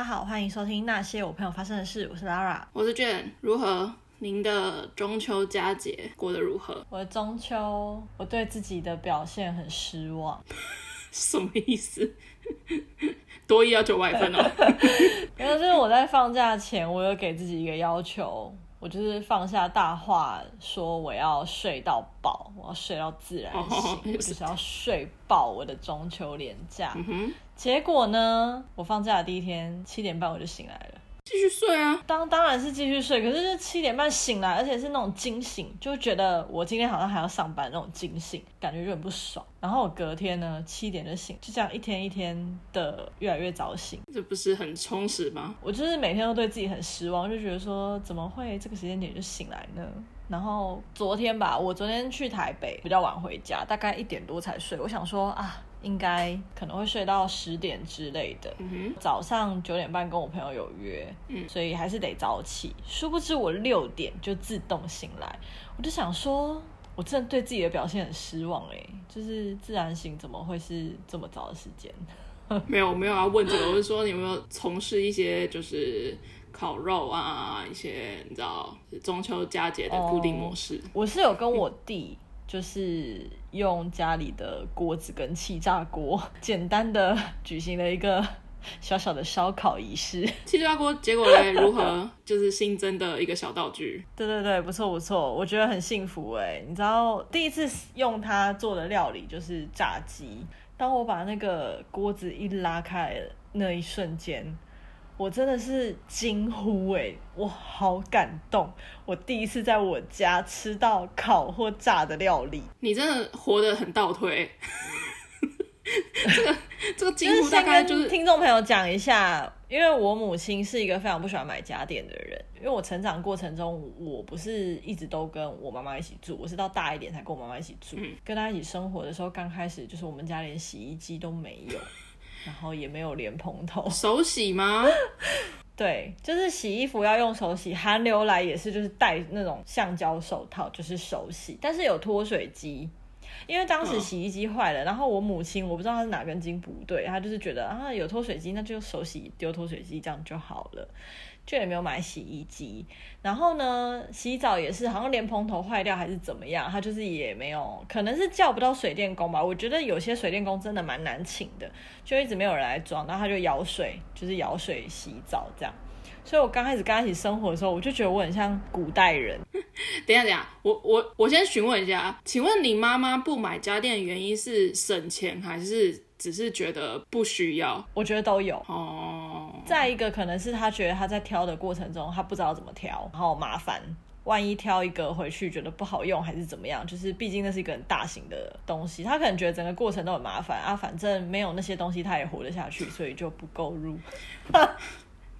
大家好，歡迎收聽《那些我朋友發生的事》，我是 Lara，我是 Jen。如何？您的中秋佳節過得如何？我的中秋，我對自己的表現很失望。 什麼意思？多一要九百分哦。原來就 是我在放假前，我有給自己一個要求，我就是放下大話，說我要睡到飽，我要睡到自然醒，oh, oh, yes. 我就是要睡爆我的中秋連假。Mm hmm. 結果呢？我放假的第一天七點半我就醒來了。繼續睡啊？當當然是繼續睡，可是是七點半醒來，而且是那種驚醒，就覺得我今天好像還要上班那種驚醒，感覺就很不爽。然後我隔天呢，七點就醒，就這樣一天一天的越來越早醒。這不是很充實嗎？我就是每天都對自己很失望，就覺得說怎麼會這個時間點就醒來呢？然後昨天吧，我昨天去台北比較晚回家，大概一點多才睡，我想說啊。應該可能會睡到十點之類的，嗯、哼早上九點半跟我朋友有約，嗯、所以還是得早起。殊不知我六點就自動醒來，我就想說，我真的對自己的表現很失望哎、欸，就是自然醒怎麼會是這麼早的時間？沒有，沒有要、啊、問這個，我是說你有沒有從事一些就是烤肉啊， 一些你知道中秋佳節的固定模式、嗯？我是有跟我弟、嗯、就是。用家裡的鍋子跟氣炸鍋，簡單的舉行了一個小小的燒烤儀式。氣炸鍋結果嘞，如何？ 就是新增的一個小道具。對對對，不錯不錯，我覺得很幸福，欸，你知道第一次用它做的料理就是炸雞。當我把那個鍋子一拉開那一瞬間。我真的是驚呼哎，我好感動！我第一次在我家吃到烤或炸的料理。你真的活得很倒退。 這個 這個驚呼大概就是，就是聽眾朋友講一下，因為我母親是一個非常不喜歡買家電的人。因為我成長過程中，我不是一直都跟我媽媽一起住，我是到大一點才跟我媽媽一起住。嗯、跟她一起生活的時候，剛開始就是我們家連洗衣機都沒有。 然後也沒有蓮蓬頭，手洗嗎？ 對，就是洗衣服要用手洗。寒流來也是，就是戴那種橡膠手套，就是手洗。但是有脫水機，因為當時洗衣機壞了。然後我母親，我不知道她是哪根筋不對，她就是覺得啊有脫水機，那就手洗丟脫水機，這樣就好了。就也沒有買洗衣機，然後呢，洗澡也是，好像連蓬頭壞掉還是怎麼樣，他就是也沒有，可能是叫不到水電工吧。我覺得有些水電工真的蠻難請的，就一直沒有人來裝，然後他就舀水，就是舀水洗澡這樣。所以我剛開始剛開始生活的時候，我就覺得我很像古代人。等下等下，我我我先詢問一下啊，請問你媽媽不買家電的原因是省錢，還是只是覺得不需要？我覺得都有哦。Oh 再一個，可能是他覺得他在挑的過程中，他不知道怎麼挑，然後麻煩。萬一挑一個回去覺得不好用，還是怎麼樣？就是畢竟那是一個很大型的東西，他可能覺得整個過程都很麻煩啊。反正沒有那些東西，他也活得下去，所以就不購入。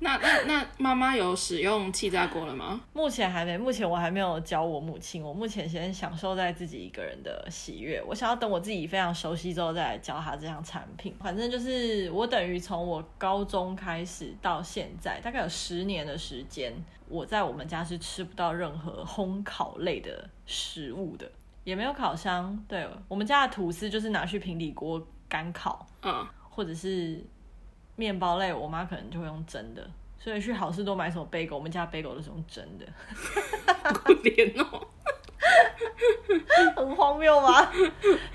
那那那媽媽有使用氣炸鍋了嗎？目前還沒，目前我還沒有教我母親。我目前先享受在自己一個人的喜悅。我想要等我自己非常熟悉之後再來教她這樣產品。反正就是我等於從我高中開始到現在，大概有十年的時間，我在我們家是吃不到任何烘烤類的食物的，也沒有烤箱。對了。我們家的吐司就是拿去平底鍋乾烤，嗯，或者是。麵包類，我媽可能就會用蒸的，所以去好市多買手貝果，我們家貝果都是用蒸的，哦， 很荒謬嗎？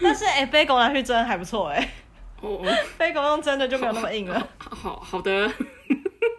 但是哎貝果拿去蒸還不錯哎、欸，貝果、哦、 用蒸的就沒有那麼硬了，好好，好，好，好的，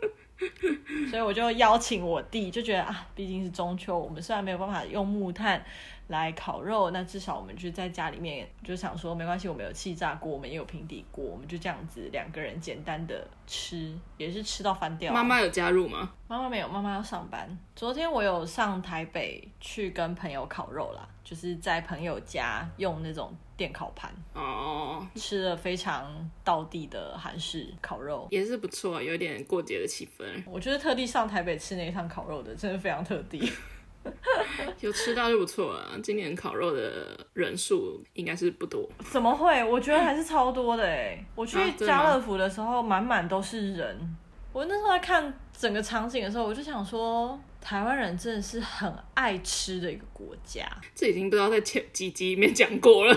所以我就邀請我弟，就覺得啊，畢竟是中秋，我們雖然沒有辦法用木炭。來烤肉，那至少我們就在家裡面，就想說沒關係，我們有氣炸鍋，我們也有平底鍋，我們就這樣子兩個人簡單的吃，也是吃到翻掉。媽媽有加入嗎？媽媽沒有，媽媽要上班。昨天我有上台北去跟朋友烤肉啦，就是在朋友家用那種電烤盤哦，oh. 吃了非常道地的韓式烤肉，也是不錯，有點過節的氣氛。我覺得特地上台北吃那一趟烤肉的，真的非常特地。 有吃到就不錯了。今年烤肉的人數應該是不多。怎麼會？我覺得還是超多的哎、欸！我去家樂福的時候，滿滿都是人。啊、我那時候在看整個場景的時候，我就想說，台灣人真的是很愛吃的一個國家。這已經不知道在前幾集、集裡面講過了，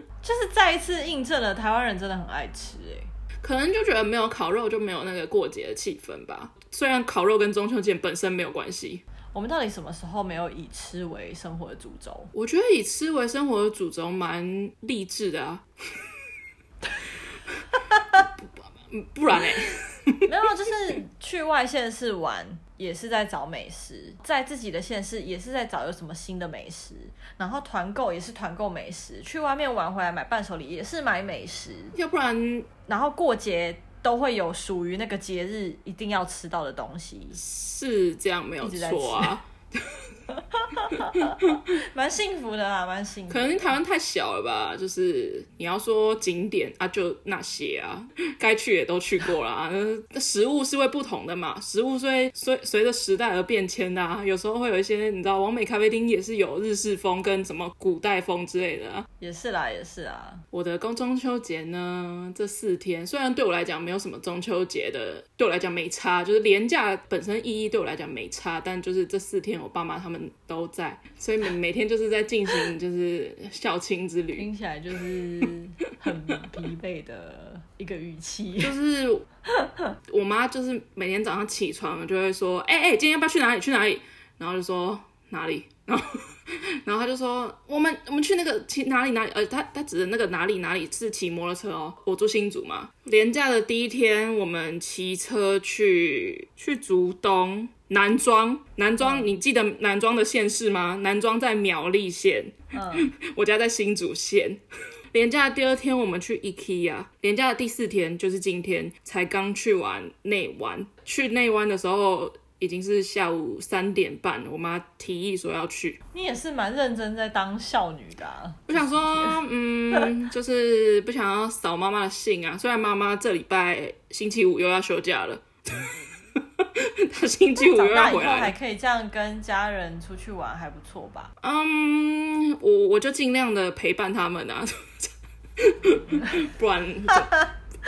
就是再一次印證了台灣人真的很愛吃哎、欸。可能就覺得沒有烤肉就沒有那個過節的氣氛吧。雖然烤肉跟中秋節本身沒有關係。我們到底什麼時候沒有以吃為生活的主軸？我覺得以吃為生活的主軸蠻勵志的啊， 不,不然呢？ 不然欸，沒有，就是去外縣市玩也是在找美食，在自己的縣市也是在找有什麼新的美食，然後團購也是團購美食，去外面玩回來買伴手禮也是買美食，要不然，然後過節。都會有屬於那個節日一定要吃到的東西，是這樣沒有錯啊。一直在哈哈哈哈哈，蠻 幸福的啦，啊，蠻幸福，啊。福。可能台灣太小了吧，就是你要說景點啊，就那些啊，該去也都去過了。食物是會不同的嘛，食物隨隨隨着時代而變遷的，啊，有時候會有一些你知道，王美咖啡廳也是有日式風跟什麼古代風之類的，啊。也是啦，也是啊。我的公中秋節呢，這四天雖然對我來講沒有什麼中秋節的，對我來講沒差，就是連假本身意義對我來講沒差，但就是這四天。我爸媽他們都在，所以每每天就是在進行就是孝親之旅，聽起來就是很疲憊的一個語氣。 就是我媽就是每天早上起床就會說：“哎、欸、哎、欸，今天要不要去哪裡？去哪裡？”然後就說哪裡。然後，然後他就說，我們我們去那個騎哪裡哪裡，呃，他他指的那個哪裡哪裡是騎摩托車哦。我住新竹嘛，連假的第一天我們騎車去去竹東，南莊，南莊哇你記得南莊的縣市嗎？南莊在苗栗縣，嗯，我家在新竹縣。連假的第二天我們去 IKEA，連假的第四天就是今天，才剛去完內灣，去內灣的時候，已經是下午三點半，我媽提議說要去。你也是蠻認真在當孝女的、啊。我想說，世 嗯，就是不想要掃媽媽的興啊。雖然媽媽這禮拜星期五又要休假了， 她星期五又要回來了。長大以後還可以這樣跟家人出去玩，還不錯吧？嗯、um,，我我就盡量的陪伴他們啊。 不然。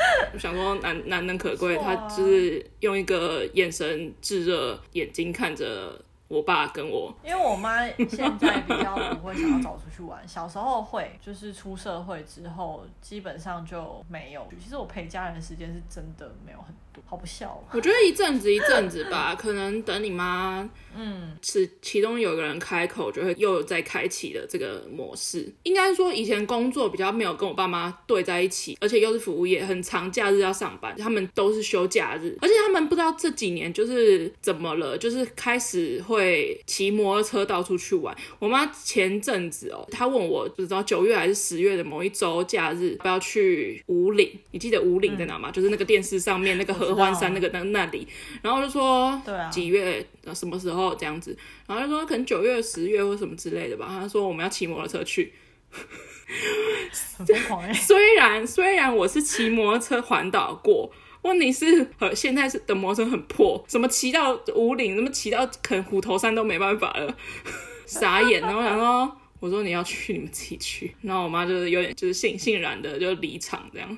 我想說難難能可貴，他就是用一個眼神炙熱眼睛看着。我爸跟我，因為我媽現在比較不會想要早出去玩， 小時候會，就是出社會之後基本上就沒有。其實我陪家人的時間是真的沒有很多，好不孝。我覺得一陣子一陣子吧， 可能等你媽，嗯，是其中有一個人開口，就會又有在開啟了這個模式。應該說以前工作比較沒有跟我爸媽對在一起，而且又是服務業，很常假日要上班，他們都是休假日，而且他們不知道這幾年就是怎麼了，就是開始會。會騎摩托車到處去玩。我媽前陣子哦，她問我不知道九月還是十月的某一周假日，不要去武嶺。你記得武嶺，嗯、在哪嗎？就是那個電視上面那個合歡山那個那那裡。然後就說幾月對，啊、什麼時候這樣子。然後就說可能九月、十月或什麼之類的吧。她說我們要騎摩托車去， 雖然雖然我是騎摩托車環島過。問題是和現在是的摩托很破，怎麼騎到武嶺，怎麼騎到啃虎頭山都沒辦法了，傻眼。然後然後我想說，我說，你要去你們自己去。然後我媽就是有點就是悻悻然的就離場這樣，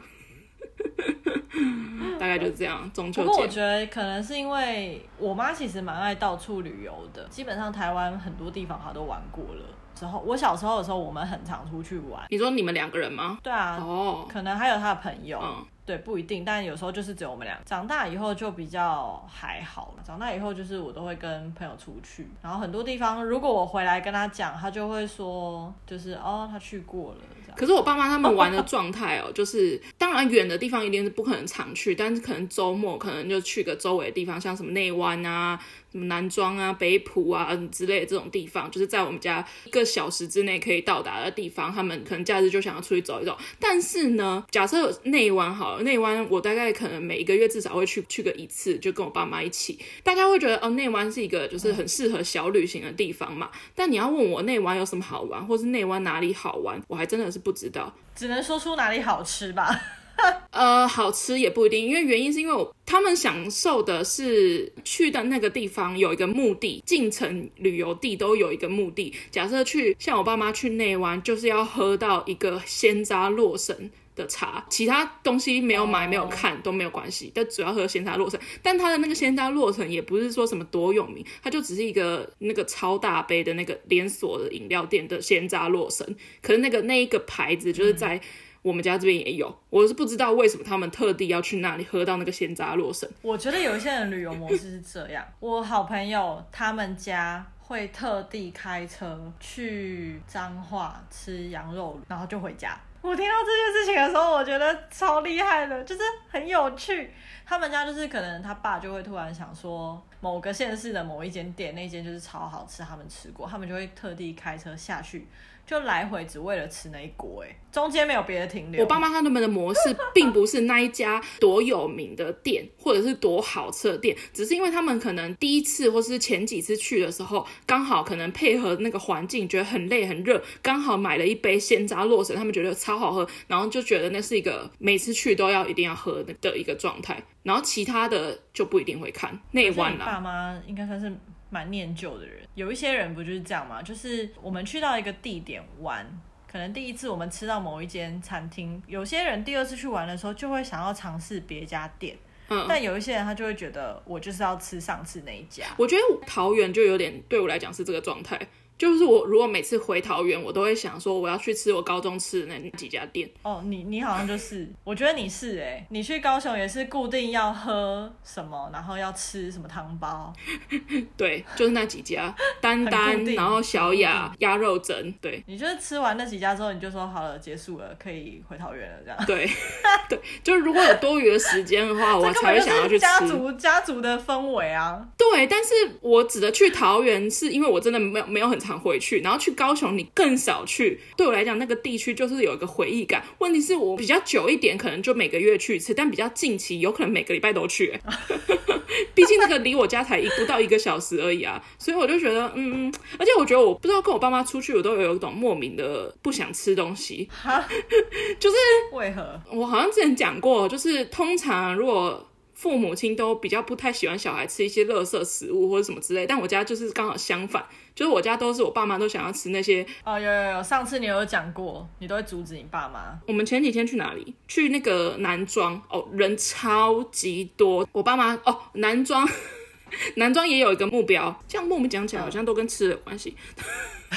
嗯、大概就是這樣。中秋節、嗯。不過我覺得可能是因為我媽其實蠻愛到處旅遊的，基本上台灣很多地方她都玩過了。之後我小時候的時候，我們很常出去玩。你說你們兩個人嗎？對啊。哦。Oh, 可能還有她的朋友。嗯。對，不一定，但有時候就是只有我們兩個，長大以後就比較還好，長大以後就是我都會跟朋友出去，然後很多地方，如果我回來跟他講，他就會說，就是哦，他去過了。這樣。可是我爸媽他們玩的狀態哦， 就是當然遠的地方一定是不可能常去，但是可能周末可能就去個周圍的地方，像什麼內灣啊。什麼南莊啊、北埔啊之類的這種地方，就是在我們家一個小時之內可以到達的地方。他們可能假日就想要出去走一走，但是呢，假設內灣好了，內灣我大概可能每一個月至少會去去個一次，就跟我爸媽一起。大家會覺得哦，內灣是一個就是很適合小旅行的地方嘛。嗯、但你要問我內灣有什麼好玩，或是內灣哪裡好玩，我還真的是不知道，只能說出哪裡好吃吧。 呃，好吃也不一定，因為原因是因為我他們享受的是去的那個地方有一個目的，進城旅遊地都有一個目的。假設去像我爸媽去內灣，就是要喝到一個鮮榨洛神的茶，其他東西沒有買沒有看都沒有關係，但主要喝鮮榨洛神。但他的那個鮮榨洛神也不是說什麼多有名，他就只是一個那個超大杯的那個連鎖的飲料店的鮮榨洛神，可是那個那一個牌子就是在。嗯我們家這邊也有，我是不知道為什麼他們特地要去那裡喝到那個鮮榨洛神。我覺得有一些人旅遊模式是這樣，我好朋友他們家會特地開車去彰化吃羊肉，然後就回家。我聽到這件事情的時候，我覺得超厲害的，就是很有趣。他們家就是可能他爸就會突然想說某個縣市的某一間店，那間就是超好吃，他們吃過，他們就會特地開車下去。就來回只為了吃那一鍋，哎，中間沒有別的停留。我爸媽他們的模式，並不是那一家多有名的店， 或者是多好吃的店，只是因為他們可能第一次或是前幾次去的時候，剛好可能配合那個環境，覺得很累很熱，剛好買了一杯鮮榨洛神，他們覺得超好喝，然後就覺得那是一個每次去都要一定要喝的一個狀態，然後其他的就不一定會看那一碗了，啊。爸媽應該算是蠻念舊的人，有一些人不就是這樣嗎？就是我們去到一個地點玩，可能第一次我們吃到某一間餐廳，有些人第二次去玩的時候就會想要嘗試別家店，嗯，但有一些人他就會覺得我就是要吃上次那一家。我覺得桃園就有點對我來講是這個狀態。就是我如果每次回桃園，我都會想說我要去吃我高中吃的那幾家店。哦、oh，你你好像就是，我覺得你是哎、欸，你去高雄也是固定要喝什麼，然後要吃什麼湯包。 對，就是那幾家，丹丹，然後小雅鴨肉珍。對，你就是吃完那幾家之後，你就說好了，結束了，可以回桃園了這樣。對對，就是如果有多餘的時間的話，我才會想要去吃。 家族家族的氛圍啊。對，但是我指的去桃園是因為我真的沒有沒有很常回去，然後去高雄，你更少去。對我來講，那個地區就是有一個回憶感。問題是我比較久一點，可能就每個月去一次；但比較近期，有可能每個禮拜都去。 畢竟那個離我家才一不到一個小時而已啊，所以我就覺得，嗯嗯，而且我覺得，我不知道跟我爸媽出去，我都有一種莫名的不想吃東西。 就是為何？我好像之前講過，就是通常如果。父母親都比較不太喜歡小孩吃一些垃圾食物或者什麼之類，但我家就是剛好相反，就是我家都是我爸媽都想要吃那些。哦喲喲，有有有，上次你有講過，你都會阻止你爸媽。我們前幾天去哪裡？去那個南莊哦，人超級多。我爸媽哦，南莊，南莊也有一個目標，這樣莫名講起來好像都跟吃有關係。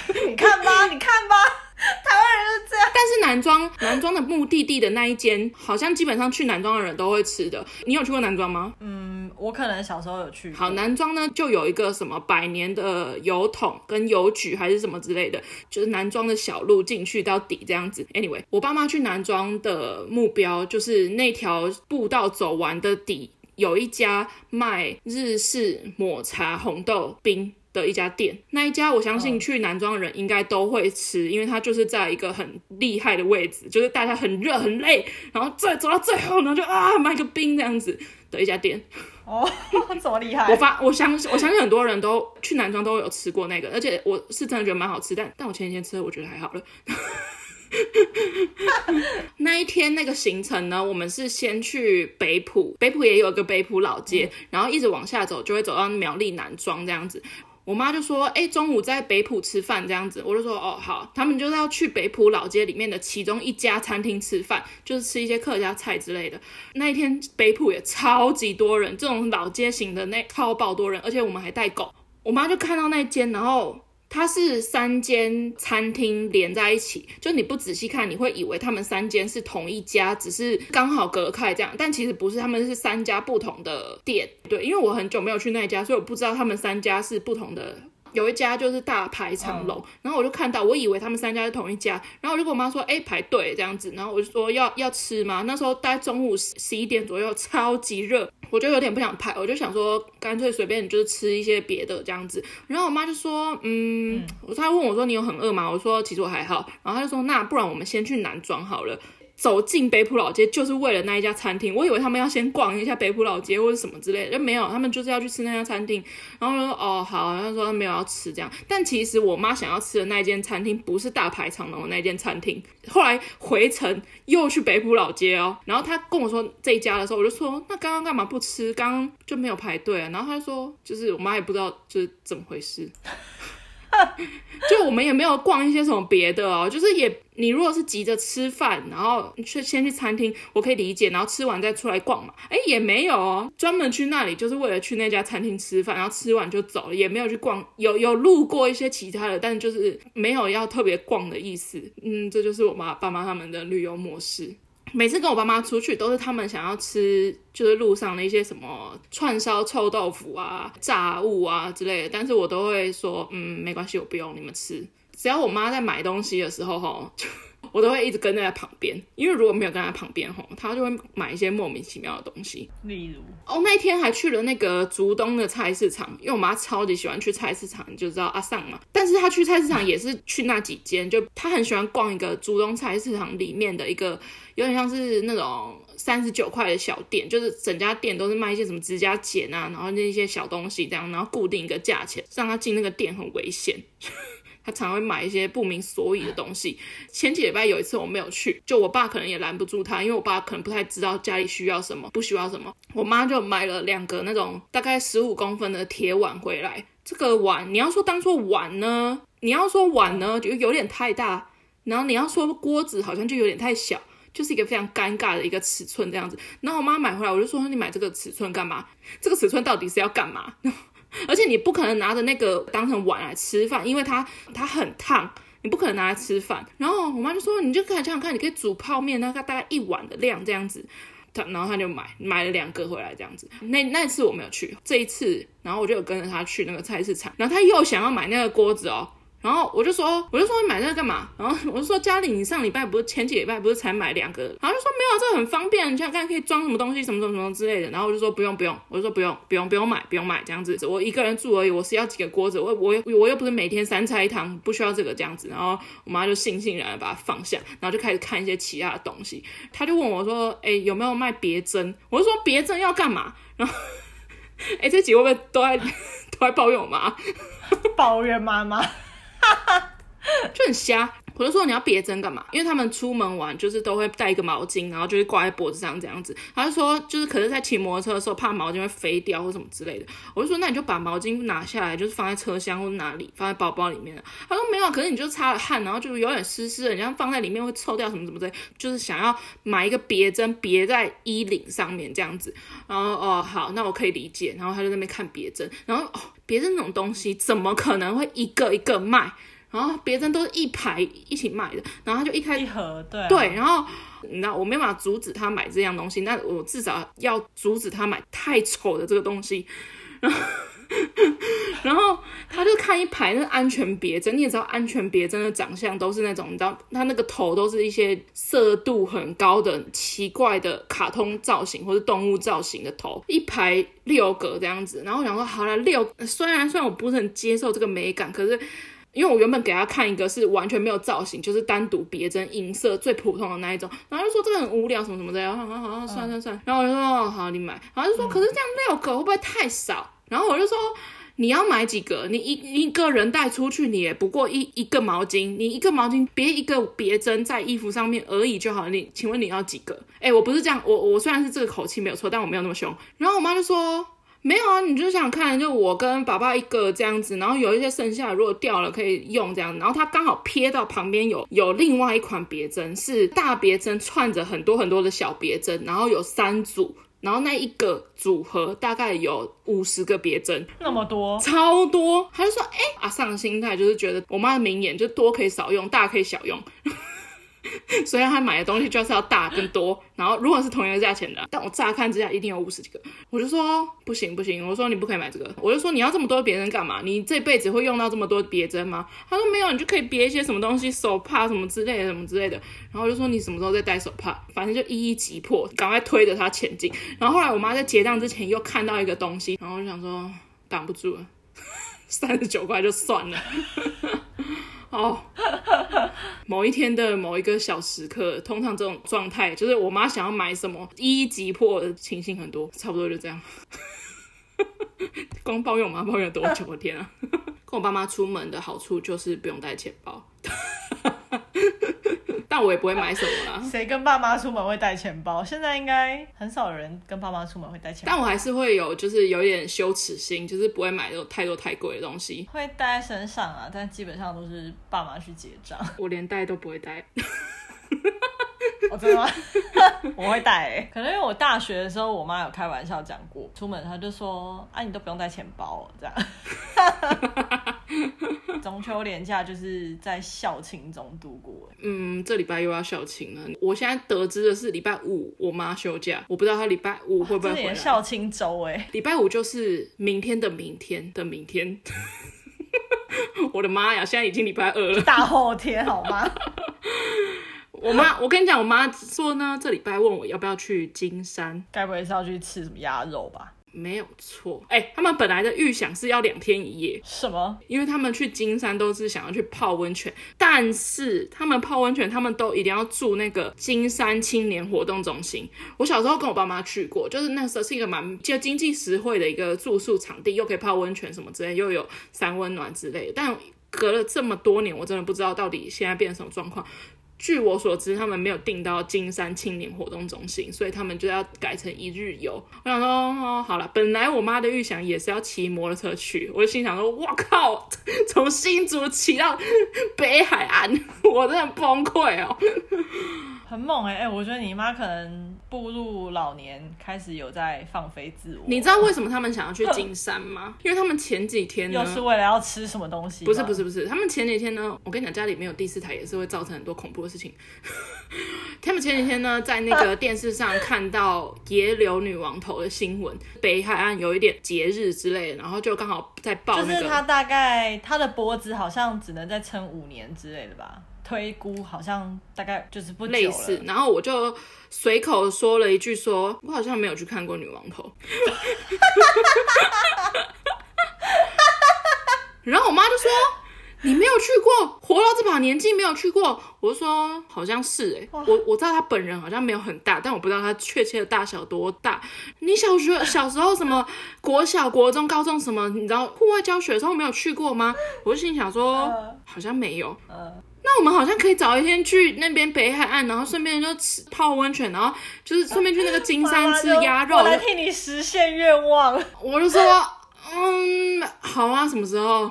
嗯、 你看吧，我你看吧。臺灣人是這樣，但是南莊，南莊的目的地的那一間，好像基本上去南莊的人都會吃的。你有去過南莊嗎？嗯，我可能小時候有去。好，南莊呢就有一個什麼百年的郵筒跟郵局還是什麼之類的，就是南莊的小路進去到底這樣子。Anyway，我爸媽去南莊的目標就是那條步道走完的底，有一家賣日式抹茶紅豆冰，的一家店，那一家我相信去南莊的人應該都會吃，哦、因為它就是在一個很厲害的位置，就是大家很熱很累，然後再走到最後呢，然後就啊買個冰這樣子的一家店。哦，這麼厲害！我發我相信我相信很多人都去南莊都有吃過那個，而且我是真的覺得蠻好吃，但但我前幾天吃了我覺得還好了。 那一天那個行程呢，我們是先去北埔，北埔也有一個北埔老街，嗯、然後一直往下走就會走到苗栗南莊這樣子。我媽就說：“哎，中午在北埔吃飯這樣子。”我就說：“哦，好。”他們就是要去北埔老街裡面的其中一家餐廳吃飯，就是吃一些客家菜之類的。那一天北埔也超級多人，這種老街型的那超爆多人，而且我們還帶狗。我媽就看到那一間，然後。它是三間餐廳連在一起，就你不仔細看，你會以為他們三間是同一家，只是剛好隔開這樣。但其實不是，他們是三家不同的店。對，因為我很久沒有去那一家，所以我不知道他們三家是不同的。有一家就是大排長龍，oh. 然後我就看到，我以為他們三家是同一家，然後我就跟我媽說，哎、欸，排隊這樣子，然後我就說要要吃嗎？那時候大概中午十一點左右，超級熱，我就有點不想排，我就想說乾脆隨便你就是吃一些別的這樣子。然後我媽就說，嗯，mm. 她問我說你有很餓嗎？我說其實我還好。然後她就說那不然我們先去南莊好了。走進北浦老街就是為了那一家餐廳，我以為他們要先逛一下北浦老街或者什麼之類，就沒有，他們就是要去吃那家餐廳。然後我說哦好，他說他沒有要吃這樣，但其實我媽想要吃的那一間餐廳不是大排長龍的那一間餐廳。後來回程又去北浦老街哦，然後他跟我說這一家的時候，我就說那剛剛幹嘛不吃？剛剛就沒有排隊啊？然後他就說就是我媽也不知道就是怎麼回事。就我們也沒有逛一些什麼別的哦，就是也你如果是急着吃飯，然後去先去餐廳，我可以理解，然後吃完再出來逛嘛，哎也沒有哦，專門去那裡就是為了去那家餐廳吃飯，然後吃完就走了，也沒有去逛，有有路過一些其他的，但是就是沒有要特別逛的意思，嗯，這就是我媽爸媽他們的旅遊模式。每次跟我爸媽出去，都是他們想要吃，就是路上的一些什麼串燒、臭豆腐啊、炸物啊之類的，但是我都會說，嗯，沒關係，我不用你們吃，只要我媽在買東西的時候齁，哈，就。我都會一直跟在他旁邊，因為如果沒有跟在他旁邊吼，他就會買一些莫名其妙的東西。例如哦，oh, 那一天還去了那個竹東的菜市場，因為我媽超級喜歡去菜市場，你就知道阿桑嘛。但是他去菜市場也是去那幾間，就他很喜歡逛一個竹東菜市場裡面的一個有點像是那種三十九塊的小店，就是整家店都是賣一些什麼指甲剪啊，然後那些小東西這樣，然後固定一個價錢，讓他進那個店很危險。他常會買一些不明所以的東西。前幾禮拜有一次我沒有去，就我爸可能也攔不住他，因為我爸可能不太知道家裡需要什麼，不需要什麼。我媽就買了兩個那種大概十五公分的鐵碗回來。這個碗你要說當做碗呢，你要說碗呢就有點太大，然後你要說鍋子好像就有點太小，就是一個非常尷尬的一個尺寸這樣子。然後我媽買回來，我就說你買這個尺寸幹嘛？這個尺寸到底是要幹嘛？而且你不可能拿着那個當成碗來吃飯，因為它它很燙，你不可能拿來吃飯。然後我媽就說，你就看，想想看，你可以煮泡麵，大概大概一碗的量這樣子。她然後她就買買了兩個回來這樣子。那那次我沒有去，這一次然後我就有跟着她去那個菜市場，然後她又想要買那個鍋子哦。然後我就說，我就說你買這個幹嘛？然後我就說家裡，你上禮拜不是，前幾禮拜不是才買兩個？然後就說沒有，這很方便，你想看可以裝什麼東西什麼什麼什麼之類的。然後我就說不用不用，我就說不用不用，不用買不用買這樣子，我一個人住而已，我是要幾個鍋子？我我我又不是每天三菜一湯，不需要這個這樣子。然後我媽就悻悻然然把它放下，然後就開始看一些其他的東西。她就問我說，哎、欸、有沒有賣別針？我就說別針要幹嘛？然後哎、欸、這集會不會都在都在抱怨我媽，抱怨媽媽？ 就很瞎，我就說你要別針幹嘛？因為他們出門玩就是都會帶一個毛巾，然後就是掛在脖子上這樣子。他就說就是可是在騎摩托車的時候怕毛巾會飛掉或什麼之類的。我就說那你就把毛巾拿下來，就是放在車廂或哪裡，放在包包裡面。他說沒有、啊，可是你就擦了汗，然後就有點濕濕的，你要放在裡面會臭掉什麼什麼的。就是想要買一個別針別在衣領上面這樣子。然後哦，好，那我可以理解。然後他就在那邊看別針，然後哦。別人那種東西怎麼可能會一個一個賣？然後別人都是一排一起賣的，然後他就一開一盒，對、啊、對，然後你知道我沒辦法阻止他買這樣東西，那我至少要阻止他買太醜的這個東西。然後 然後他就看一排那安全別針，你也知道安全別針的長相都是那種，你知道他那個頭都是一些色度很高的奇怪的卡通造型或者動物造型的頭，一排六格這樣子。然後我想說，好啦，六雖然雖然我不是很接受這個美感，可是因為我原本給他看一個是完全沒有造型，就是單獨別針銀色最普通的那一種，然後就說這個很無聊什麼什麼的，然後好好好，好，算算算，然後我就說哦好你買，然後就說可是這樣六格會不會太少？然後我就說，你要買幾個？你一一個人帶出去，你也不過一一個毛巾，你一個毛巾別一個別針在衣服上面而已就好。你請問你要幾個？哎，我不是這樣，我我雖然是這個口氣沒有錯，但我沒有那麼凶。然後我媽就說，沒有啊，你就想看，就我跟爸爸一個這樣子，然後有一些剩下的，如果掉了可以用這樣。然後她剛好瞥到旁邊有有另外一款別針，是大別針串着很多很多的小別針，然後有三組。然後那一個組合大概有五十個別針，那麼多，超多。他就說，哎、欸、啊，上心態就是覺得我媽的名言就多可以少用，大可以小用。 所以 他買的東西就是要大更多，然後如果是同一個價錢的、啊，但我乍看之下一定有五十幾個，我就說不行不行，我說你不可以買這個，我就說你要這麼多別針幹嘛？你這輩子會用到這麼多別針嗎？他說沒有，你就可以別一些什麼東西，手帕什麼之類的什麼之類的。然後我就說你什麼時候再戴手帕？反正就一一擊破，趕快推着他前進。然後後來我媽在結賬之前又看到一個東西，然後我就想說擋不住了，三十九塊就算了。 哦，oh, 某一天的某一個小時刻，通常這種狀態就是我媽想要買什麼，一一急迫的情形很多，差不多就這樣。 光抱怨我媽抱怨了多久？我天啊！ 跟我爸媽出門的好處就是不用帶錢包。 但我也不會買什麼啦。誰跟爸媽出門會帶錢包？現在應該很少人跟爸媽出門會帶錢包。但我還是會有，就是有一點羞恥心，就是不會買太多太貴的東西。會帶在身上啊，但基本上都是爸媽去結賬，我連帶都不會帶。 我真的嗎？ 我會帶誒、欸，可能因為我大學的時候，我媽有開玩笑講過，出門她就說：“啊，你都不用帶錢包了。”這樣， 中秋連假就是在校慶中度過。嗯，這禮拜又要校慶了。我現在得知的是，禮拜五我媽休假，我不知道她禮拜五會不會回來。校慶週誒，禮、欸、拜五就是明天的明天的明天。 我的媽呀！現在已經禮拜二了，大後天好嗎？ 我媽，啊？我跟你講，我媽說呢，這禮拜問我要不要去金山，該不會是要去吃什麼鴨肉吧？沒有錯，哎，他們本來的預想是要兩天一夜，什麼？因為他們去金山都是想要去泡溫泉，但是他們泡溫泉，他們都一定要住那個金山青年活動中心。我小時候跟我爸媽去過，就是那時候是一個蠻就經濟實惠的一個住宿場地，又可以泡溫泉什麼之類，又有三溫暖之類的。但隔了這麼多年，我真的不知道到底現在變成什麼狀況。據我所知，他們沒有訂到金山青年活動中心，所以他們就要改成一日遊。我想說，哦，好啦，本來我媽的預想也是要騎摩托車去，我就心想說，哇靠，從新竹騎到北海岸，我真的崩潰哦。很猛。哎、欸、哎、欸，我覺得你媽可能步入老年，開始有在放飛自我。你知道為什麼他們想要去金山嗎？ 因為他們前幾天就是為了要吃什麼東西？不是不是不是，他們前幾天呢，我跟你講，家裡沒有第四台也是會造成很多恐怖的事情。 他們前幾天呢，在那個電視上看到野柳女王頭的新聞， 北海岸有一點節日之類的，然後就剛好在報、那個、就是他大概他的脖子好像只能再撐五年之類的吧。推估好像大概就是不類似，然後我就隨口說了一句說，我好像沒有去看過女王頭， 然後我媽就說你沒有去過，活到這把年紀沒有去過，我就說好像是哎、欸，哇我我知道她本人好像沒有很大，但我不知道她確切的大小多大。你小學小時候什麼國小、國中、高中什麼，你知道戶外教學的時候沒有去過嗎？我就心想說、呃、好像沒有，呃那我們好像可以早一天去那邊北海岸，然後順便就吃泡溫泉，然後就是順便去那個金山吃鴨肉。我來替你實現願望。我就說，嗯，好啊，什麼時候？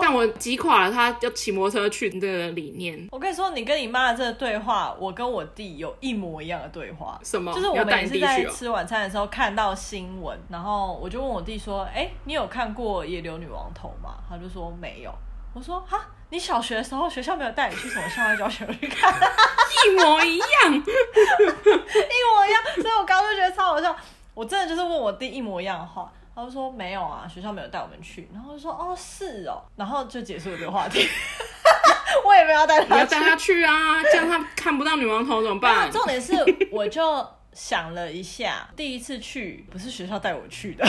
但我擊垮了他要騎摩托車去的理念。我跟你說，你跟你媽的這個對話，我跟我弟有一模一樣的對話。什麼？就是我每次在吃晚餐的時候看到新聞，然後我就問我弟說：“哎、欸，你有看過野柳女王頭嗎？”他就說沒有。我說：“哈，你小學的時候學校沒有帶你去什麼校外教學去看？” 一模一樣， 一模一樣。所以我剛剛就覺得超好笑。我真的就是問我弟一模一樣的話。他就說沒有啊，學校沒有帶我們去。然後我就說哦是哦，然後就結束了這個話題。 我也沒有帶他去，你要帶他去啊，這樣他看不到女王頭怎麼辦？重點是，我就想了一下， 第一次去不是學校帶我去的。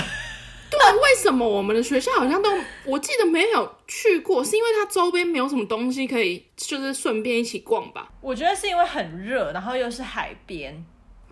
對，為什麼我們的學校好像都，我記得沒有去過， 是因為它周邊沒有什麼東西可以，就是順便一起逛吧。我覺得是因為很熱，然後又是海邊。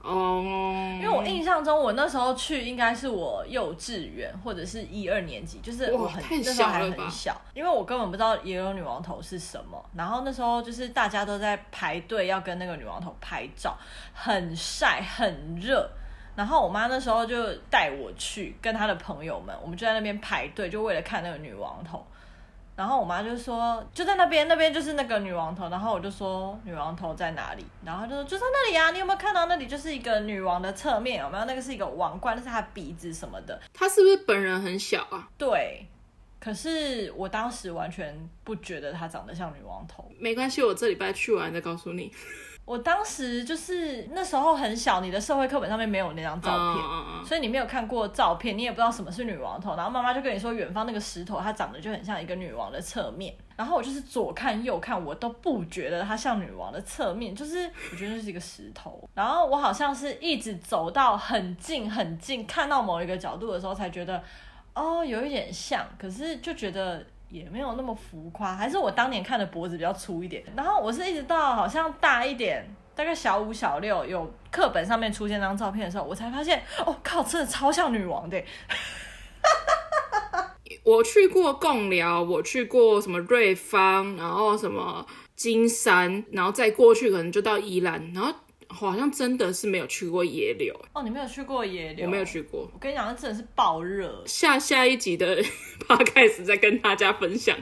哦，嗯、因為我印象中我那時候去應該是我幼稚園或者是一二年級，就是我很那時候還很小，因為我根本不知道野柳女王頭是什麼。然後那時候就是大家都在排隊要跟那個女王頭拍照，很曬很熱。然後我媽那時候就帶我去跟她的朋友們，我們就在那邊排隊，就為了看那個女王頭。然後我媽就說，就在那邊，那邊就是那個女王頭。然後我就說，女王頭在哪裡？然後她就說，就在那裡呀。你有沒有看到那裡？就是一個女王的側面，有沒有？那個是一個王冠，那是她的鼻子什麼的。她是不是本人很小啊？對，可是我當時完全不覺得她長得像女王頭。沒關係，我這禮拜去完再告訴你。我當時就是那時候很小，你的社會課本上面沒有那張照片，所以你沒有看過照片，你也不知道什麼是女王頭。然後媽媽就跟你說，遠方那個石頭它長得就很像一個女王的側面。然後我就是左看右看，我都不覺得它像女王的側面，就是我覺得就是一個石頭。然後我好像是一直走到很近很近，看到某一個角度的時候，才覺得哦，有一點像。可是就覺得。也沒有那麼浮誇，還是我當年看的脖子比較粗一點。然後我是一直到好像大一點，大概小五、小六有課本上面出現那張照片的時候，我才發現，哦靠，真的超像女王的。 我去過貢寮，我去過什麼瑞芳，然後什麼金山，然後再過去可能就到宜蘭，然後。哦、好像真的是沒有去過野柳哦，你沒有去過野柳？我沒有去過。我跟你講，那真的是爆熱。下下一集的八開始再跟大家分享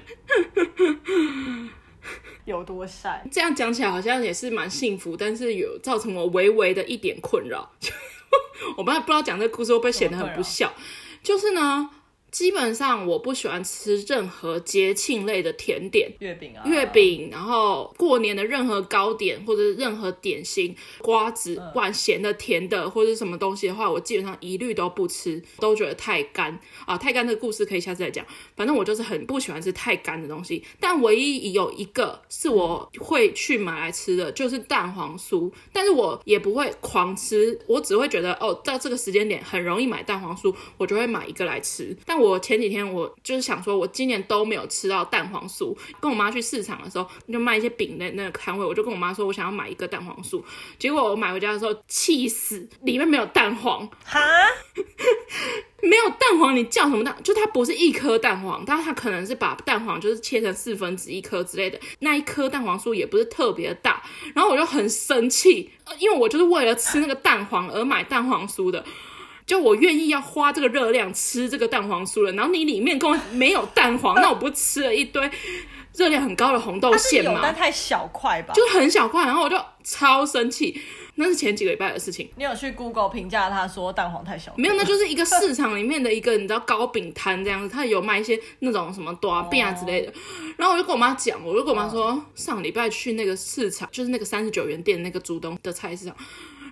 有多曬。這樣講起來好像也是蠻幸福，但是有造成我微微的一點困擾。 我怕不知道講這個故事會不會顯得很不孝？就是呢。基本上我不喜歡吃任何節慶類的甜點，月餅啊，月餅，然後過年的任何糕點或者是任何點心，瓜子，不管鹹的、甜的或者是什麼東西的話，我基本上一律都不吃，都覺得太乾啊，太乾。這個故事可以下次再講。反正我就是很不喜歡吃太乾的東西。但唯一有一個是我會去買來吃的，就是蛋黃酥。但是我也不會狂吃，我只會覺得哦，在這個時間點很容易買蛋黃酥，我就會買一個來吃。但。我前幾天我就是想說，我今年都沒有吃到蛋黃酥。跟我媽去市場的時候，就賣一些餅的那個攤位，我就跟我媽說，我想要買一個蛋黃酥。結果我買回家的時候，氣死，裡面沒有蛋黃。哈蛤， 沒有蛋黃，你叫什麼蛋？就它不是一顆蛋黃，但是它可能是把蛋黃就是切成四分之一顆之類的。那一顆蛋黃酥也不是特別大，然後我就很生氣，因為我就是為了吃那個蛋黃而買蛋黃酥的。就我願意要花這個熱量吃這個蛋黃酥了，然後你裡面跟我沒有蛋黃， 那我不吃了一堆熱量很高的紅豆餡嗎？但太小塊吧，就很小塊，然後我就超生氣。那是前幾個禮拜的事情。你有去 Google 評價他說蛋黃太小嗎？沒有，那就是一個市場裡面的，一個你知道糕餅攤這樣子，他有賣一些那種什麼短餅啊之類的。哦、然後我就跟我媽講，我就跟我媽說，哦、上禮拜去那個市場，就是那個三十九元店那個竹東的菜市場。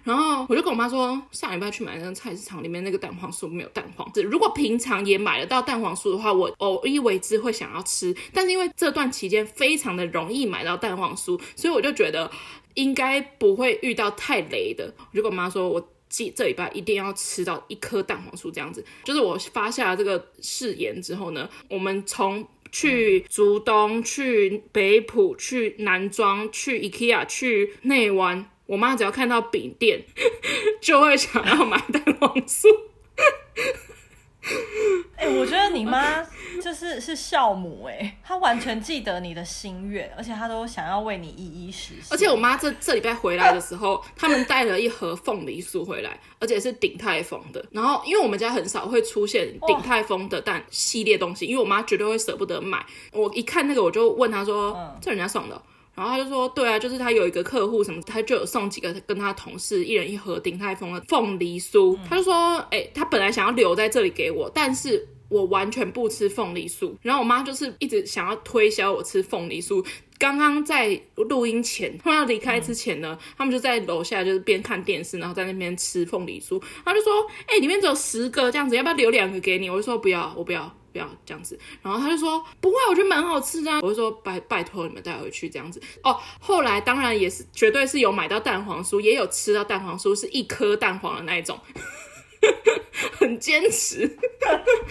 然後我就跟我媽說，上禮拜去買那個菜市場裡面那個蛋黃酥沒有蛋黃。如果平常也買得到蛋黃酥的話，我偶一為之會想要吃。但是因為這段期間非常的容易買到蛋黃酥，所以我就覺得應該不會遇到太雷的。我就跟我媽說，我這這禮拜一定要吃到一顆蛋黃酥這樣子。就是我發下了這個誓言之後呢，我們從去竹東、去北埔、去南莊、去 IKEA、去內灣。我媽只要看到餅店，就會想要買蛋黃酥。哎、欸，我覺得你媽就是是孝母哎、欸，她完全記得你的心願，而且她都想要為你一一實現。而且我媽這這禮拜回來的時候，他們帶了一盒鳳梨酥回來，而且是鼎泰豐的。然後，因為我們家很少會出現鼎泰豐的蛋系列東西，因為我媽絕對會捨不得買。我一看那個，我就問她說：“嗯、這人家送的？”然後他就說，對啊，就是他有一個客戶什麼，他就有送幾個跟他同事一人一盒鼎泰豐的鳳梨酥。嗯、他就說，哎、欸，他本來想要留在這裡給我，但是我完全不吃鳳梨酥。然後我媽就是一直想要推銷我吃鳳梨酥。剛剛在錄音前，後來要離開之前呢，嗯、他們就在樓下就是邊看電視，然後在那邊吃鳳梨酥。他就說，哎、欸，裡面只有十個這樣子，要不要留兩個給你？我就說不要，我不要。不要這樣子，然後他就說不會，我覺得蠻好吃的啊。我就說拜拜托你們帶回去這樣子哦。後來當然也是絕對是有買到蛋黃酥，也有吃到蛋黃酥，是一顆蛋黃的那一種。 很堅堅持，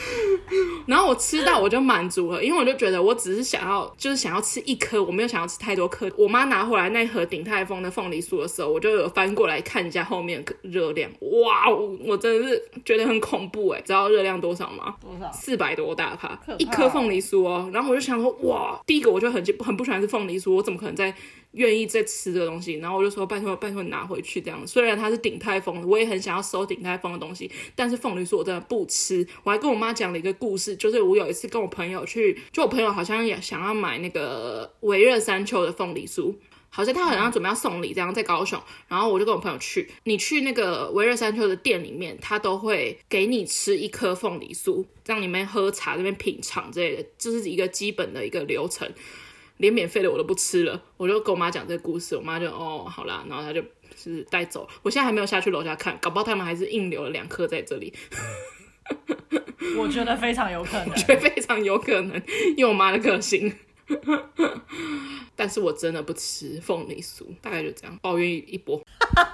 然後我吃到我就滿足了，因為我就覺得我只是想要，就是想要吃一顆，我沒有想要吃太多顆。我媽拿回來那盒鼎泰豐的鳳梨酥的時候，我就有翻過來看一下後面熱量，哇，我真的是覺得很恐怖哎，知道熱量多少嗎？多少？四百多大卡，怕一顆鳳梨酥哦、喔。然後我就想說，哇，第一個我就很很不喜歡吃鳳梨酥，我怎麼可能在？願意再吃這個東西，然後我就說拜託，拜託你拿回去這樣。雖然它是鼎泰豐的，我也很想要收鼎泰豐的東西，但是鳳梨酥我真的不吃。我還跟我媽講了一個故事，就是我有一次跟我朋友去，就我朋友好像也想要買那個微熱山丘的鳳梨酥，好像他好像準備要送禮這樣，在高雄，然後我就跟我朋友去，你去那個微熱山丘的店裡面，他都會給你吃一顆鳳梨酥，讓你們喝茶這邊品嚐之類的，就是一個基本的一個流程。連免費的我都不吃了，我就跟我媽講這個故事，我媽就哦，好啦，然後她就是帶走。我現在還沒有下去樓下看，搞不好他們還是硬留了兩顆在這裡。 我覺得非常有可能，我覺得非常有可能，因為我媽的個性。 但是我真的不吃鳳梨酥，大概就這樣抱怨一波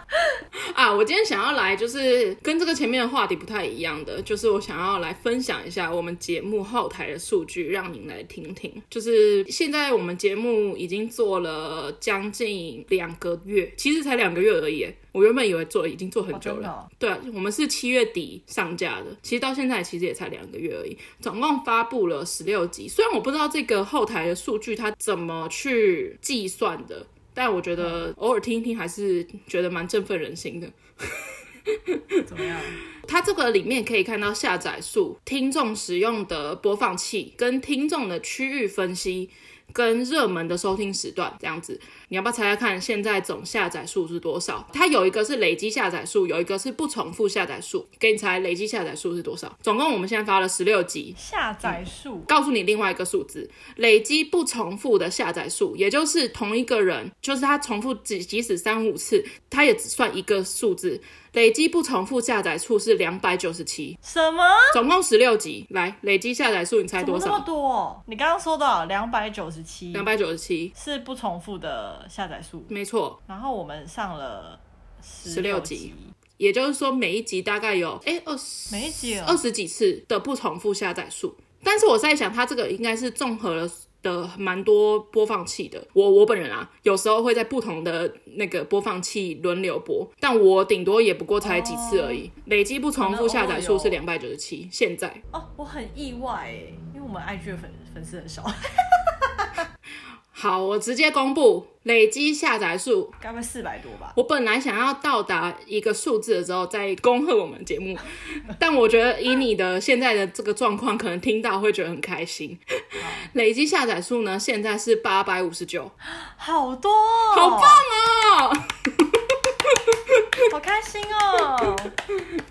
啊！我今天想要來，就是跟這個前面的話題不太一樣的，就是我想要來分享一下我們節目後台的數據，讓您來聽聽。就是現在我們節目已經做了將近兩個月，其實才兩個月而已。我原本以為做了已經做很久了，哦哦、對，我們是七月底上架的，其實到現在其實也才兩個月而已。總共發布了十六集，雖然我不知道這個後台的數據它怎麼去。計算的，但我覺得偶爾聽一聽還是覺得蠻振奮人心的。 怎麼樣？它這個裡面可以看到下載數、聽眾使用的播放器、跟聽眾的區域分析、跟熱門的收聽時段這樣子。你要不要猜猜看，現在總下載數是多少？它有一個是累積下載數，有一個是不重複下載數。給你猜累積下載數是多少？總共我們現在發了十六集下載數，嗯，告訴你另外一個數字，累積不重複的下載數，也就是同一個人，就是他重複即即使三五次，他也只算一個數字。累積不重複下載數是兩百九十七。什麼？總共十六集，來累積下載數，你猜多少？怎麼那麼多？你剛剛說多少？兩百九十七。兩百九十七是不重複的。下載數沒錯錯，然後我們上了十六集，也就是說每一集大概有哎、欸、二十，每一集二十幾次的不重複下載數。但是我在想，它這個應該是綜合了的蠻多播放器的。我我本人啊，有時候會在不同的那個播放器輪流播，但我頂多也不過才幾次而已，哦、累計不重複下載數是兩百九十七。現在哦，我很意外，因為我們 IG 粉粉絲很少。 好，我直接公布累積下載數，大概四百多吧。我本來想要到達一個數字的時候再恭賀我們節目， 但我覺得以你的現在的這個狀況，可能聽到會覺得很開心。 累積下載數呢，現在是八百五十九，好多哦，好棒哦， 好開心哦。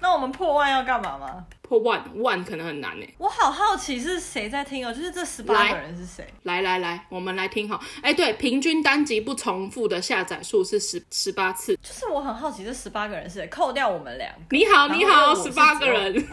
那我們破萬要幹嘛嗎？破萬萬可能很難呢、欸。我好好奇是誰在聽哦、喔，就是這十八個人是誰？來來來，我們來聽好。哎、欸，對，平均單集不重複的下載數是十十八次。就是我很好奇，這十八個人是誰，扣掉我們倆？你好，你好，十八個人。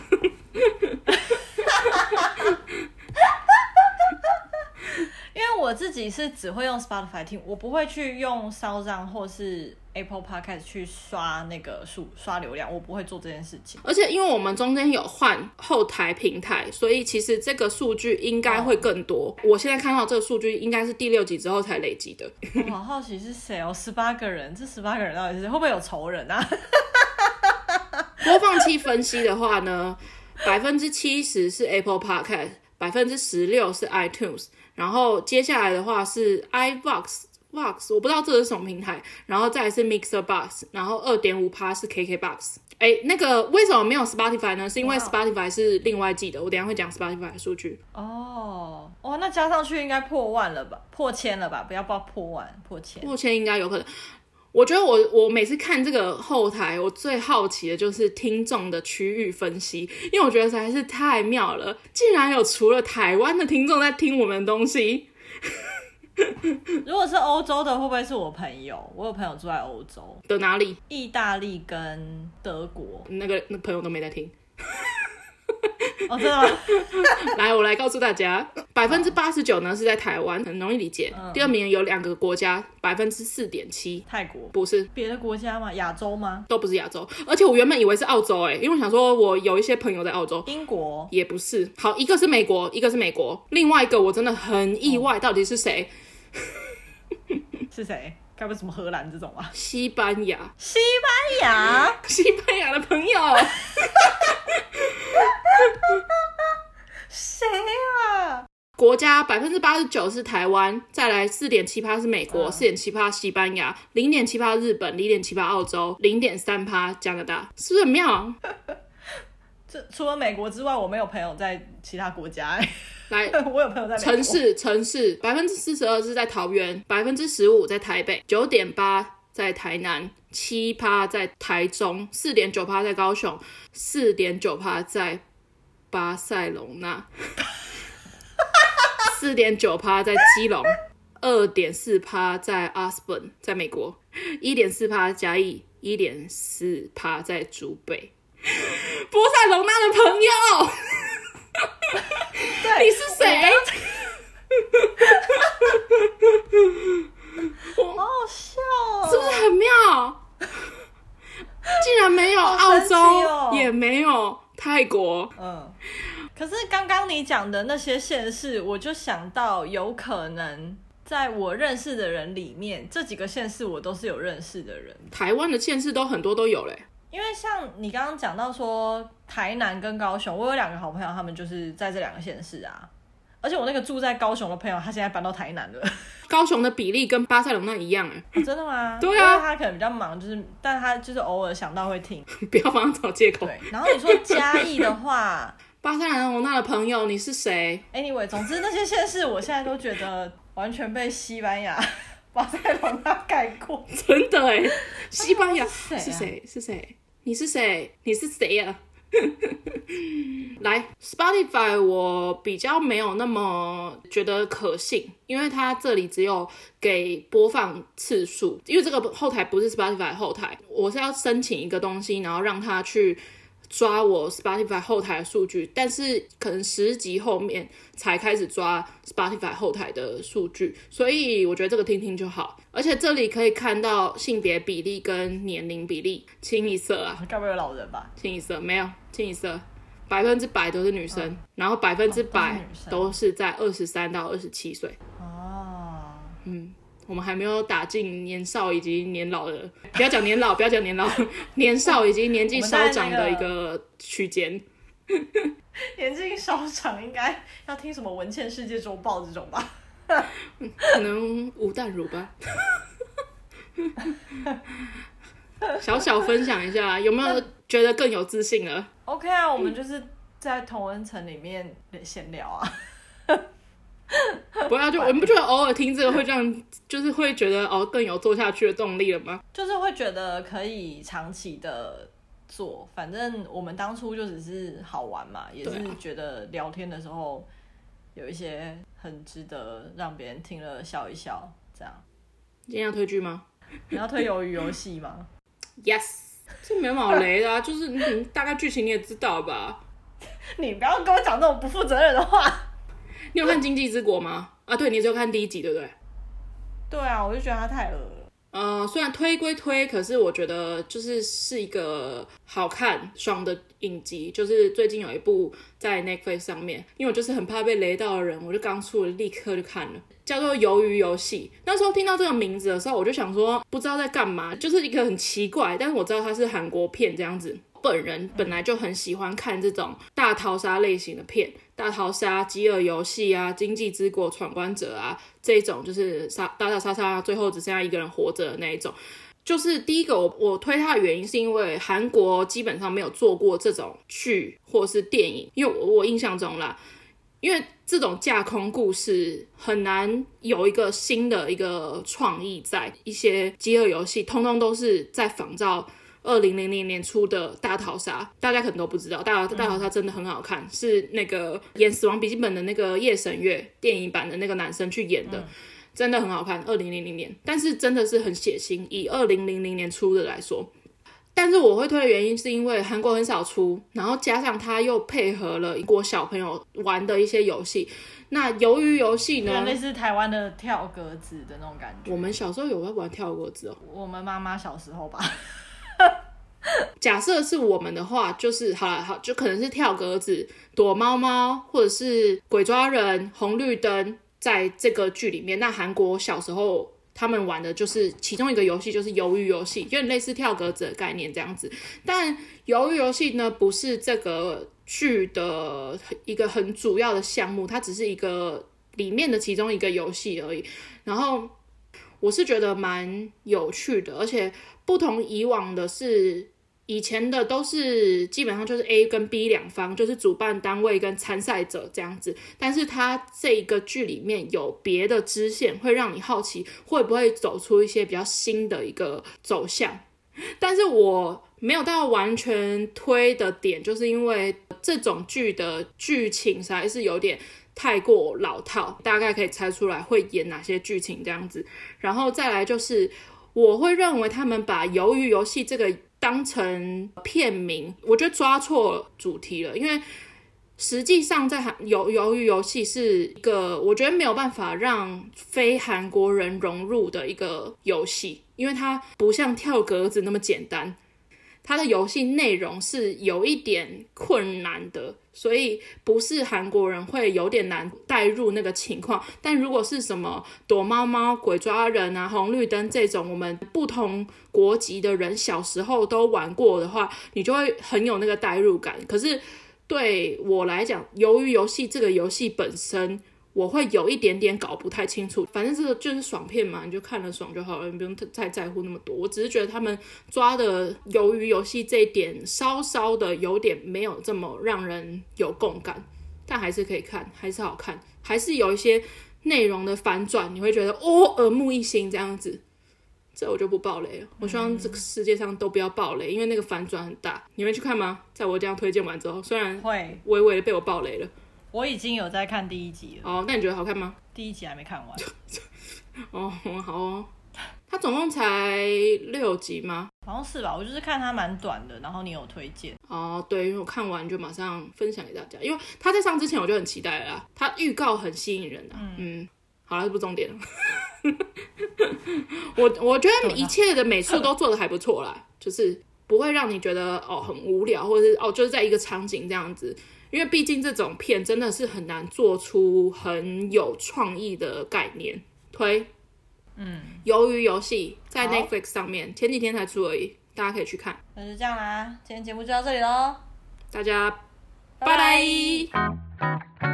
因為我自己是只會用 Spotify Team，我不會去用 SoundOn 或是 Apple Podcast 去刷那個數刷流量，我不會做這件事情。而且因為我們中間有換後台平台，所以其實這個數據應該會更多。Oh. 我現在看到這個數據應該是第六集之後才累積的。 我好奇是誰哦，十八個人，這十八個人到底是會不會有仇人啊？ 播放器分析的話呢，百分之七十是 Apple Podcast，百分之十六是 iTunes。然後接下來的話是 iBox，Box 我不知道這是什麼平台，然後再來是 Mixer Box，然後二點五趴是 KK Box，誒，那個為什麼沒有 Spotify 呢？是因為 Spotify 是另外記的，哇我等一下會講 Spotify 的數據。哦，哦，那加上去應該破萬了吧？破千了吧？不要報破萬，破千，破千應該有可能。我覺得我我每次看這個後台，我最好奇的就是聽眾的區域分析，因為我覺得實在是太妙了，竟然有除了台灣的聽眾在聽我們的東西。如果是歐洲的，會不會是我朋友？我有朋友住在歐洲，的哪裡？意大利跟德國。那個那朋友都沒在聽。哦，真的， 來，我來告訴大家，百分之八十九呢是在台灣，很容易理解。嗯、第二名有兩個國家，百分之四點七，泰國不是別的國家嗎？亞洲嗎？都不是亞洲，而且我原本以為是澳洲，欸，因為我想說我有一些朋友在澳洲，英國也不是。好，一個是美國，一個是美國，另外一個我真的很意外，哦，到底是誰？ 是誰？該不是什麼荷蘭這種嗎？西班牙，西班牙，西班牙的朋友。 國家百分之八十九是台灣，再來四點七趴是美國，四點七趴西班牙，零點七趴日本，零點七趴澳洲，零點三趴加拿大，是不是很妙？這除了美國之外，我沒有朋友在其他國家。 來， 我有朋友在美國。城市，城市百分之四十二是在桃園，百分之十五在台北，九點八在台南，七趴在台中，四點九趴在高雄，四點九趴在巴塞隆納。 四點九趴在基隆，二點四趴在阿斯本，在美國，一點四趴嘉義一點四趴在竹北，波塞隆納的朋友， 對你是誰？我好好笑哦、喔，是不是很妙？竟然沒有澳洲，喔、也沒有泰國，嗯。可是剛剛你講的那些縣市，我就想到有可能在我認識的人裡面，這幾個縣市我都是有認識的人。台灣的縣市都很多都有嘞。因為像你剛剛講到說台南跟高雄，我有兩個好朋友，他們就是在這兩個縣市啊。而且我那個住在高雄的朋友，他現在搬到台南了。高雄的比例跟巴塞隆那一樣哎、哦？真的嗎？對啊，他可能比較忙，就是但他就是偶爾想到會聽。不要幫他找借口。然後你說嘉義的話。 巴塞羅那的朋友，你是誰？Anyway，總之那些縣市我現在都覺得完全被西班牙、巴塞羅那概括。 真的哎，西班牙是誰、啊？是誰？你是誰？你是誰呀、啊？ 來，Spotify 我比較沒有那麼覺得可信，因為它這裡只有給播放次數，因為這個後台不是 Spotify 後台，我是要申請一個東西，然後讓它去。抓我 Spotify 後台的數據，但是可能十集後面才開始抓 Spotify 後台的數據，所以我覺得這個聽聽就好。而且這裡可以看到性別比例跟年齡比例清一色啊，這邊有老人吧？清一色沒有，清一色，百分之百都是女生，嗯、然後百分之百都是在二十三到二十七歲。啊、哦、嗯。我們還沒有打進年少以及年老的。不要講年老，不要講年老， 年少以及年紀稍長的一個區間。 年紀稍長應該要聽什麼文茜世界周報這種吧？ 可能吳淡如吧。小小分享一下，有沒有覺得更有自信了？OK 啊，我們就是在同溫層裡面閒聊啊。 不要、啊、就，我們不覺得偶爾聽這個會這樣，就是會覺得哦更有做下去的動力了嗎？就是會覺得可以長期的做。反正我們當初就只是好玩嘛，也是覺得聊天的時候有一些很值得讓別人聽了笑一笑。這樣，今天要推劇嗎？你要推魷魚遊戲嗎 ？Yes，這沒毛雷的，啊。就是大概劇情你也知道吧？ 你不要跟我講這種不負責任的話。你有看《經濟之國》嗎？啊，對，你只有看第一集，對不對？對啊，我就覺得它太惡了。呃，雖然推歸推，可是我覺得就是是一個好看爽的影集。就是最近有一部在 Netflix 上面，因為我就是很怕被雷到的人，我就剛出了立刻就看了，叫做《魷魚遊戲》。那時候聽到這個名字的時候，我就想說不知道在幹嘛，就是一個很奇怪，但是我知道它是韓國片這樣子。本人本來就很喜歡看這種大逃殺類型的片，大逃殺、飢餓遊戲啊、今際之國、闖關者啊，這種就是殺打打殺殺，最後只剩下一個人活着的那一種。就是第一個我，我我推它的原因是因為韓國基本上沒有做過這種劇或是電影，因為我，我印象中啦，因為這種架空故事很難有一個新的一個創意在，一些飢餓遊戲通通都是在仿造。二零零零年出的《大逃殺》，大家可能都不知道，大大逃殺真的很好看，嗯、是那個演《死亡筆記本》的那個夜神月電影版的那個男生去演的，嗯、真的很好看。二零零零年，但是真的是很血腥。以二零零零年初的來說，但是我會推的原因是因為韓國很少出，然後加上他又配合了英國小朋友玩的一些遊戲。那魷魚遊戲呢、嗯，類似台灣的跳格子的那種感覺。我們小時候有沒有玩跳格子哦。我們媽媽小時候吧。 假設是我們的話，就是好了，好，好就可能是跳格子、躲貓貓，或者是鬼抓人、紅綠燈。在這個劇裡面，那韓國小時候他們玩的就是其中一個遊戲，就是魷魚遊戲，有點類似跳格子的概念這樣子。但魷魚遊戲呢，不是這個劇的一個很主要的項目，它只是一個裡面的其中一個遊戲而已。然後。我是覺得蠻有趣的，而且不同以往的是，以前的都是基本上就是 A 跟 B 兩方，就是主辦單位跟參賽者這樣子。但是它這一個劇裡面有別的支線，會讓你好奇會不會走出一些比較新的一個走向。但是我沒有到完全推的點，就是因為這種劇的劇情還是有點。太過老套，大概可以猜出來會演哪些劇情這樣子，然後再來就是我會認為他們把《魷魚遊戲》這個當成片名，我覺得抓錯主題了，因為實際上在韓《魷魷魚遊戲》是一個我覺得沒有辦法讓非韓國人融入的一個遊戲，因為它不像跳格子那麼簡單。它的遊戲內容是有一點困難的，所以不是韓國人會有點難代入那個情況。但如果是什麼躲貓貓、鬼抓人啊、紅綠燈這種，我們不同國籍的人小時候都玩過的話，你就會很有那個代入感。可是對我來講，由於遊戲這個遊戲本身。我會有一點點搞不太清楚，反正這個就是爽片嘛，你就看了爽就好了，你不用太，太在乎那麼多。我只是覺得他們抓的魷魚遊戲這一點稍稍的有點沒有這麼讓人有共感，但還是可以看，還是好看，還是有一些內容的反轉，你會覺得哦，耳目一新這樣子。這我就不爆雷了，我希望這個世界上都不要爆雷，因為那個反轉很大。你會去看嗎？在我這樣推薦完之後，雖然會微微的被我爆雷了。我已經有在看第一集了哦，那你覺得好看嗎？第一集還沒看完 哦，好哦，它總共才六集嗎？好像是吧，我就是看它蠻短的。然後你有推薦哦，對，因為我看完就馬上分享給大家，因為它在上之前我就很期待了啦，它預告很吸引人的啊。嗯，嗯，好了，是不是重點了。 我我覺得一切的美術都做得還不錯啦，就是不會讓你覺得哦很無聊，或者是哦就是在一個場景這樣子。因為畢竟這種片真的是很難做出很有創意的概念推，嗯，魷魚遊戲在 Netflix 上面好前幾天才出而已，大家可以去看。那就是這樣啦，啊，今天節目就到這裡咯，大家 bye bye 拜拜。